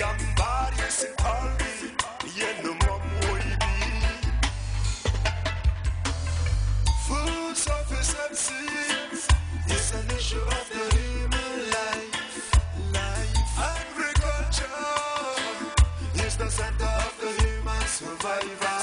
Jambaris yeah, no Full surface MCs, it's an issue of the human life. life. Agriculture is the center of the human survival.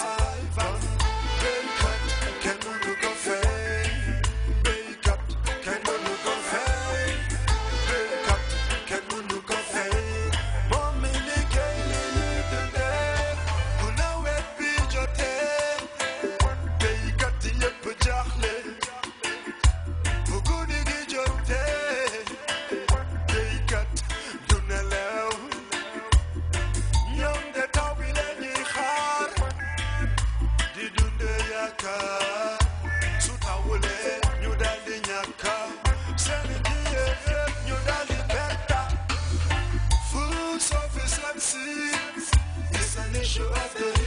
you after.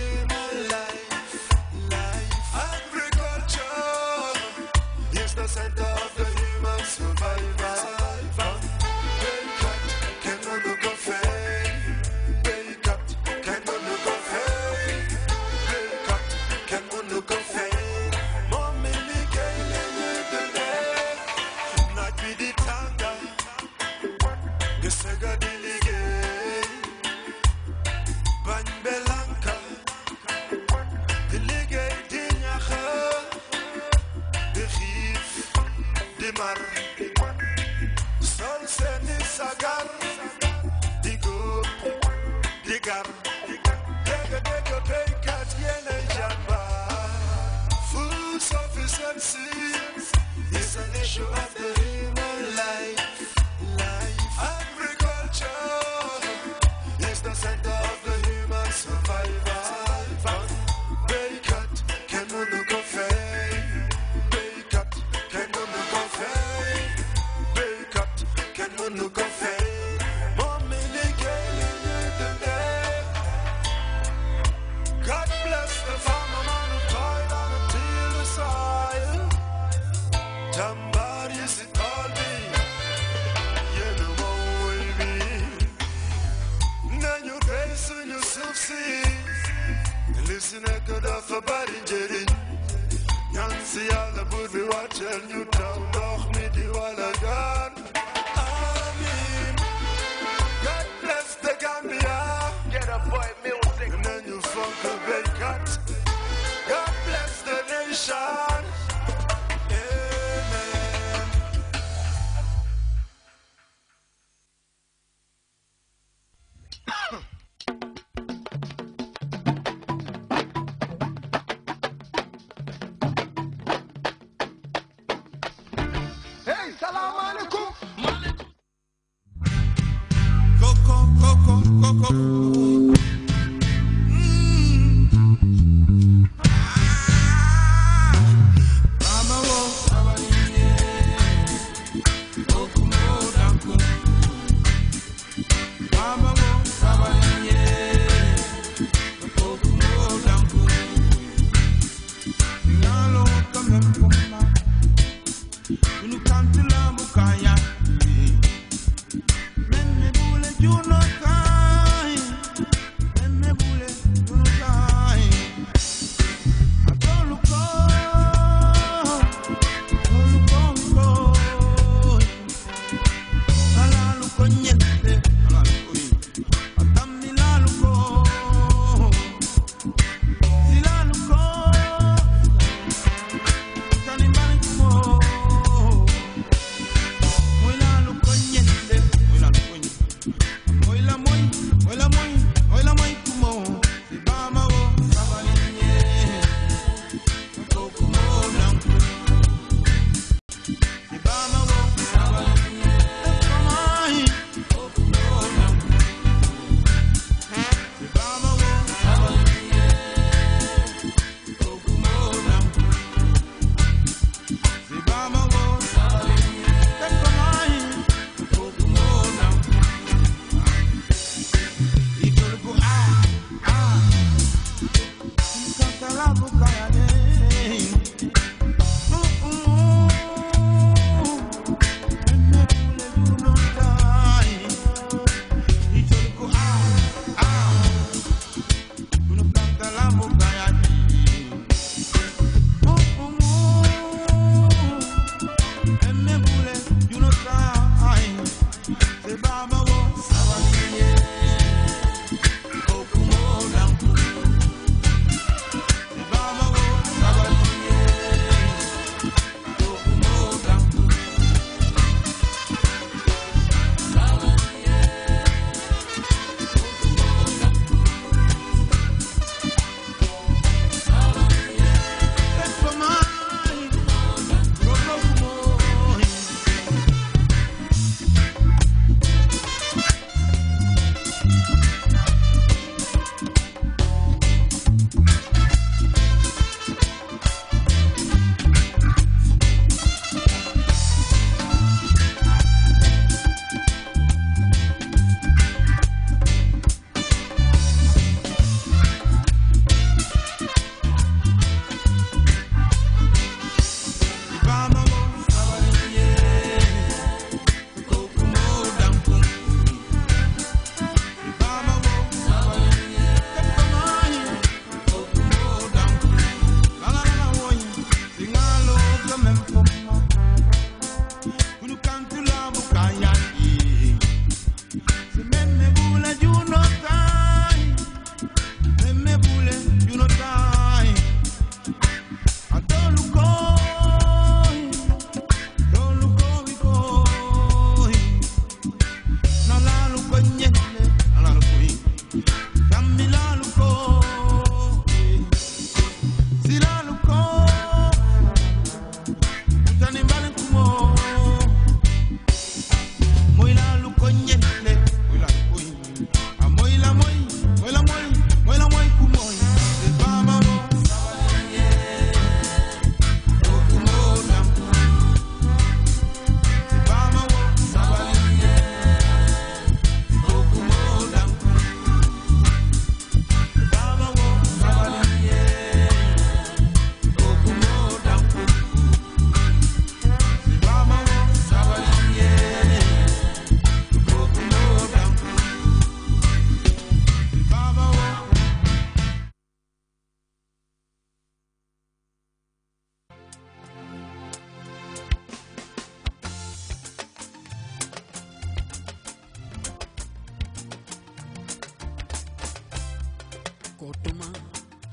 success an issue of the human life. life. Agriculture is the center of the human survival. can look up, can can baby, watch and you don't mit me all Amen. God bless the Get a boy And then you funk a big cut. God bless the nation. Thank you.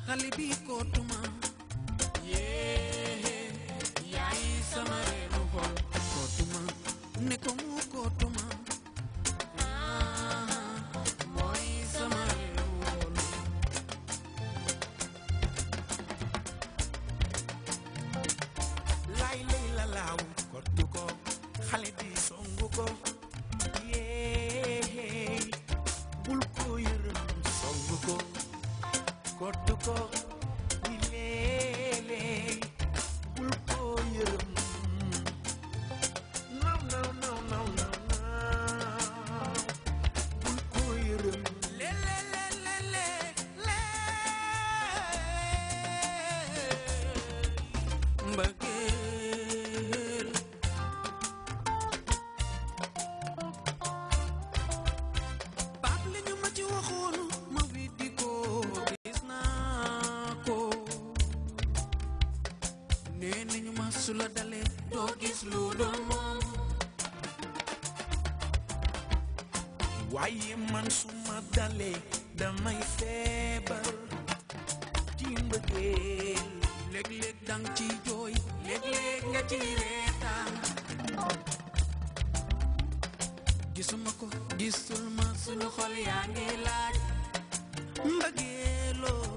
కలిపి కోర్టుమా కోర్టుమా నికము కోర్టుమా Lailai lalau, kortuko, khalidi songuko, México. su la dalee doo lu dul waaye man su ma dalee damay feebar ci mbëggeel léeg-léeg dang ci jooy léeg-léeg nga ci reetaan gisuma ko gisul ma suñu xol yaa ngi laaj mbëggeeloo